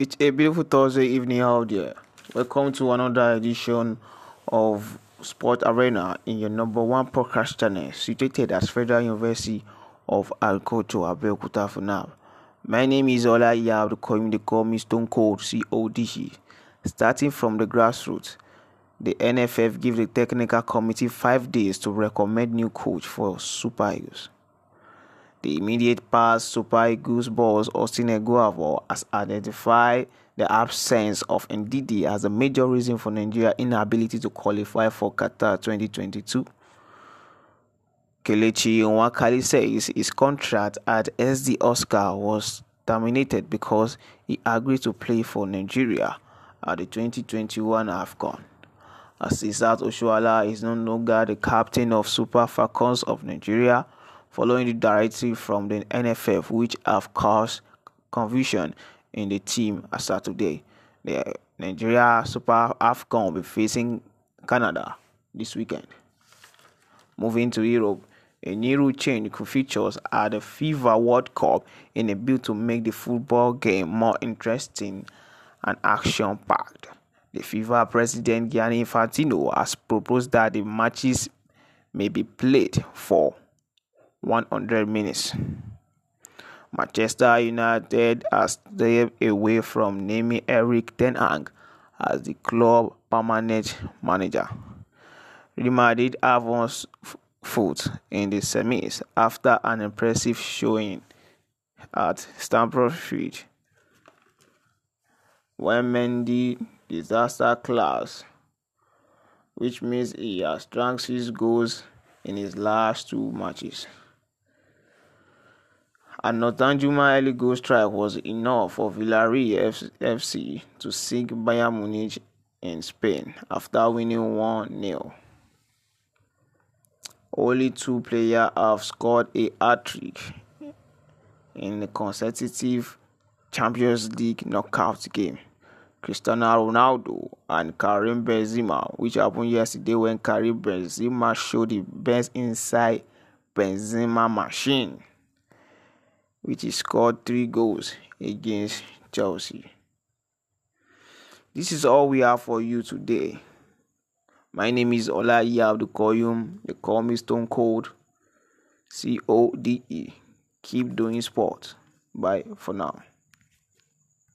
It's a beautiful Thursday evening out there. Welcome to another edition of Sport Arena in your number one podcast channel, situated at Federal University of Alcoto, Abeokuta, now. My name is Ola Yab, calling the call me Stone Cold, CODG. Starting from the grassroots, the NFF gave the technical committee five days to recommend new coach for Super Eagles. The immediate past Super Eagles boss Austin has identified the absence of Ndidi as a major reason for Nigeria's inability to qualify for Qatar 2022. Kelechi Nwakali says his contract at SD Oscar was terminated because he agreed to play for Nigeria at the 2021 AFCON. As that Oshuala is no longer the captain of Super Falcons of Nigeria, following the directive from the NFF, which have caused confusion in the team as of today. The Nigeria Super AFCON will be facing Canada this weekend. Moving to Europe, a new rule change could feature at the FIFA World Cup in a bid to make the football game more interesting and action packed. The FIFA president Gianni Infantino has proposed that the matches may be played for 100 minutes. Manchester United has stayed away from naming Eric Ten Hag as the club permanent manager. Real Madrid advanced foot in the semis after an impressive showing at Stamford Bridge. When Mendy disaster class, which means he has struck six goals in his last two matches and Nordanjuma early goal strike was enough for Villarreal FC to sink Bayern Munich in Spain after winning 1 0. Only two players have scored a hat trick in the consecutive Champions League knockout game. Cristiano Ronaldo and Karim Benzema, which happened yesterday when Karim Benzema showed the best inside Benzema machine which he scored three goals against Chelsea. This is all we have for you today. My name is Ola Abdukoyum. They call me Stone Cold. C O D E. Keep doing sport. Bye for now.